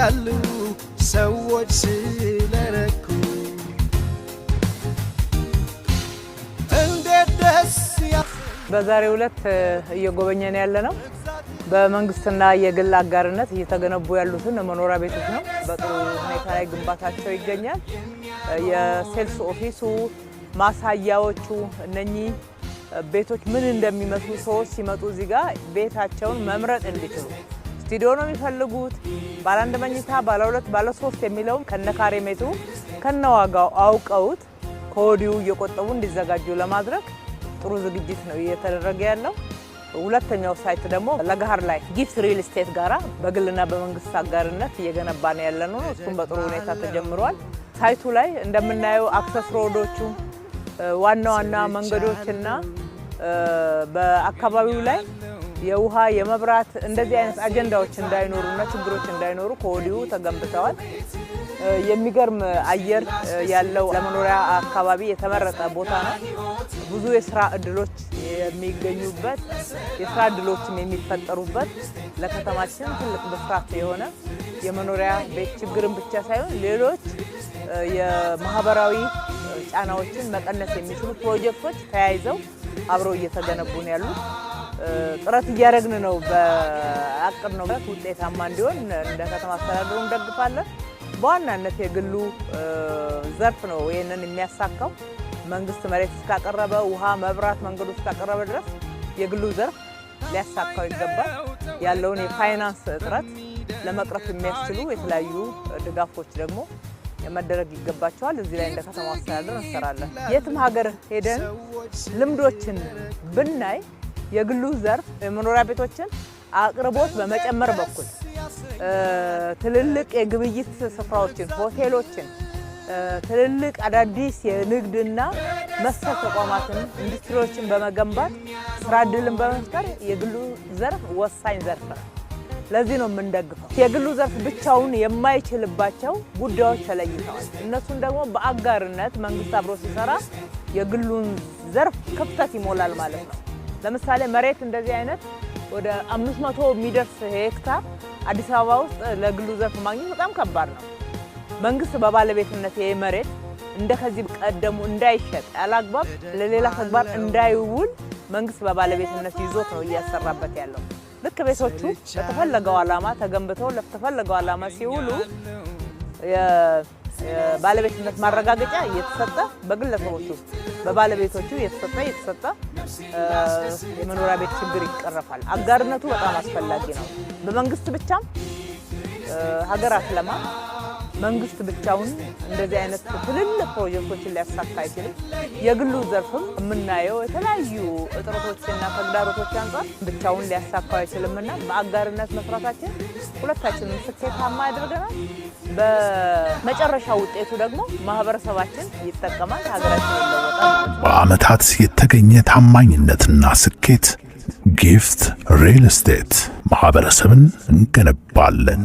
ያሉ ሰዎች ስለረኩ እንዴት ደስ በዛሬው ዕለት እየጎበኘን ያለ ነው። በመንግስትና የግል አጋርነት እየተገነቡ ያሉትን መኖሪያ ቤቶች ነው። በጥሩ ሁኔታ ላይ ግንባታቸው ይገኛል። የሴልስ ኦፊሱ ማሳያዎቹ እነኚህ ቤቶች ምን እንደሚመስሉ ሰዎች ሲመጡ እዚህ ጋር ቤታቸውን መምረጥ እንዲችሉ ስቱዲዮ ነው የሚፈልጉት፣ ባለ አንድ መኝታ፣ ባለ ሁለት፣ ባለ ሶስት የሚለውም ከነ ካሬ ሜትሩ ከነ ዋጋው አውቀውት ከወዲሁ እየቆጠቡ እንዲዘጋጁ ለማድረግ ጥሩ ዝግጅት ነው እየተደረገ ያለው። ሁለተኛው ሳይት ደግሞ ለገሀር ላይ ጊፍት ሪል ስቴት ጋራ በግልና በመንግስት አጋርነት እየገነባ ነው ያለ ነው። እሱም በጥሩ ሁኔታ ተጀምሯል። ሳይቱ ላይ እንደምናየው አክሰስ ሮዶቹ ዋና ዋና መንገዶችና በአካባቢው ላይ የውሃ የመብራት እንደዚህ አይነት አጀንዳዎች እንዳይኖሩና ችግሮች እንዳይኖሩ ከወዲሁ ተገንብተዋል። የሚገርም አየር ያለው ለመኖሪያ አካባቢ የተመረጠ ቦታ ነው። ብዙ የስራ እድሎች የሚገኙበት የስራ እድሎችም የሚፈጠሩበት ለከተማችን ትልቅ ብስራት የሆነ የመኖሪያ ቤት ችግርን ብቻ ሳይሆን ሌሎች የማህበራዊ ጫናዎችን መቀነስ የሚችሉ ፕሮጀክቶች ተያይዘው አብረው እየተገነቡ ነው ያሉት። ጥረት እያደረግን ነው። በአቅድ ነው ውጤታማ እንዲሆን እንደ ከተማ አስተዳደሩ እንደግፋለን። በዋናነት የግሉ ዘርፍ ነው ይህንን የሚያሳካው። መንግስት መሬት እስካቀረበ፣ ውሃ፣ መብራት፣ መንገዱ እስካቀረበ ድረስ የግሉ ዘርፍ ሊያሳካው ይገባል። ያለውን የፋይናንስ እጥረት ለመቅረፍ የሚያስችሉ የተለያዩ ድጋፎች ደግሞ መደረግ ይገባቸዋል። እዚህ ላይ እንደ ከተማ አስተዳደር እንሰራለን። የትም ሀገር ሄደን ልምዶችን ብናይ የግሉ ዘርፍ የመኖሪያ ቤቶችን አቅርቦት በመጨመር በኩል ትልልቅ የግብይት ስፍራዎችን፣ ሆቴሎችን፣ ትልልቅ አዳዲስ የንግድና መሰል ተቋማትን፣ ኢንዱስትሪዎችን በመገንባት ስራ እድልን በመፍጠር የግሉ ዘርፍ ወሳኝ ዘርፍ ነው። ለዚህ ነው የምንደግፈው። የግሉ ዘርፍ ብቻውን የማይችልባቸው ጉዳዮች ተለይተዋል። እነሱን ደግሞ በአጋርነት መንግስት አብሮ ሲሰራ የግሉን ዘርፍ ክፍተት ይሞላል ማለት ነው። ለምሳሌ መሬት እንደዚህ አይነት ወደ 500 የሚደርስ ሄክታር አዲስ አበባ ውስጥ ለግሉ ዘርፍ ማግኘት በጣም ከባድ ነው። መንግስት በባለቤትነት ይሄ መሬት እንደ ከዚህ ቀደሙ እንዳይሸጥ ያላግባብ ለሌላ ተግባር እንዳይውል መንግስት በባለቤትነት ይዞት ነው እያሰራበት ያለው። ልክ ቤቶቹ ለተፈለገው አላማ ተገንብተው ለተፈለገው ዓላማ ሲውሉ የባለቤትነት ማረጋገጫ እየተሰጠ በግለሰቦቹ በባለቤቶቹ እየተሰጠ እየተሰጠ የመኖሪያ ቤት ችግር ይቀረፋል። አጋርነቱ በጣም አስፈላጊ ነው። በመንግስት ብቻ ሀገር ለማ መንግስት ብቻውን እንደዚህ አይነት ትልልቅ ፕሮጀክቶችን ሊያሳካ አይችልም። የግሉ ዘርፍም የምናየው የተለያዩ እጥረቶችና ተግዳሮቶች አንጻር ብቻውን ሊያሳካው አይችልምና በአጋርነት መስራታችን ሁለታችንም ስኬታማ ያደርገናል። በመጨረሻ ውጤቱ ደግሞ ማህበረሰባችን ይጠቀማል፣ ሀገራችን ይለወጣል። በአመታት የተገኘ ታማኝነትና ስኬት ጊፍት ሪል ስቴት ማህበረሰብን እንገነባለን።